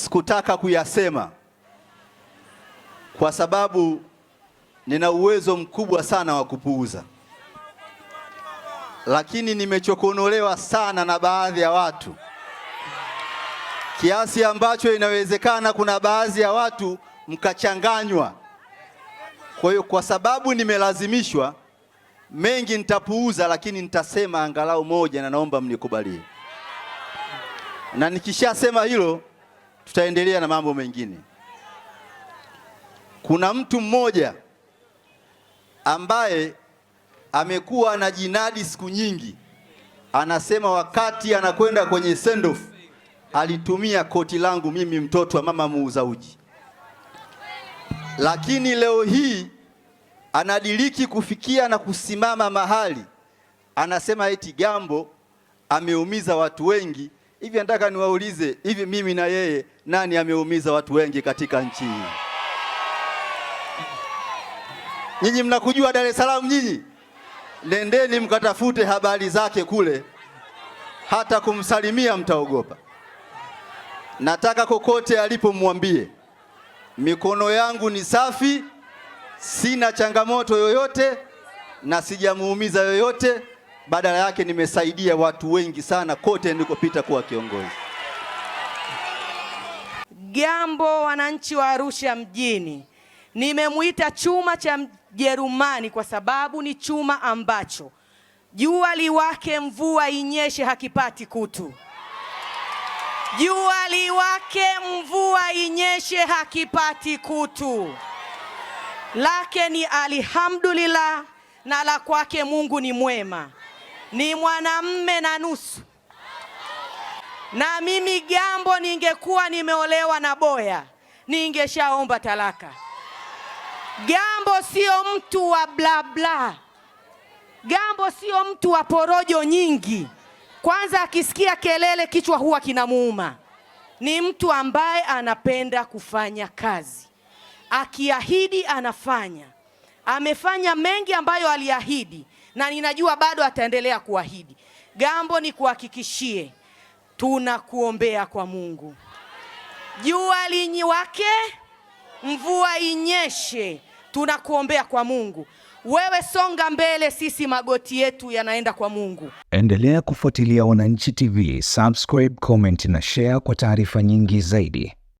sikutaka kuyasema kwa sababu nina uwezo mkubwa sana wa kupuuza, lakini nimechokonolewa sana na baadhi ya watu kiasi ambacho inawezekana kuna baadhi ya watu mkachanganywa. Kwa hiyo kwa sababu nimelazimishwa, mengi nitapuuza, lakini nitasema angalau moja, na naomba mnikubalie, na nikishasema hilo tutaendelea na mambo mengine. Kuna mtu mmoja ambaye amekuwa na jinadi siku nyingi, anasema wakati anakwenda kwenye sendof alitumia koti langu mimi, mtoto wa mama muuza uji, lakini leo hii anadiriki kufikia na kusimama mahali anasema eti Gambo ameumiza watu wengi Hivi nataka niwaulize, hivi mimi na yeye nani ameumiza watu wengi katika nchi hii? Nyinyi mnakujua Dar es Salaam nyinyi? Nendeni mkatafute habari zake kule, hata kumsalimia mtaogopa. Nataka kokote alipomwambie mikono yangu ni safi, sina changamoto yoyote na sijamuumiza yoyote badala yake nimesaidia watu wengi sana kote nilikopita kuwa kiongozi. Jambo wananchi wa Arusha mjini, nimemwita chuma cha Mjerumani kwa sababu ni chuma ambacho jua liwake mvua inyeshe hakipati kutu. Jua liwake mvua inyeshe hakipati kutu. Lake ni alhamdulillah na la kwake Mungu ni mwema ni mwanamme na nusu, na mimi Gambo ningekuwa nimeolewa na Boya ningeshaomba talaka. Gambo sio mtu wa bla bla. Gambo sio mtu wa porojo nyingi. Kwanza akisikia kelele kichwa huwa kinamuuma. Ni mtu ambaye anapenda kufanya kazi, akiahidi anafanya. Amefanya mengi ambayo aliahidi na ninajua bado ataendelea kuahidi. Gambo, ni kuhakikishie tunakuombea kwa Mungu, jua wake mvua inyeshe, tunakuombea kwa Mungu. Wewe songa mbele, sisi magoti yetu yanaenda kwa Mungu. Endelea kufuatilia Wananchi TV, subscribe, comment na share kwa taarifa nyingi zaidi.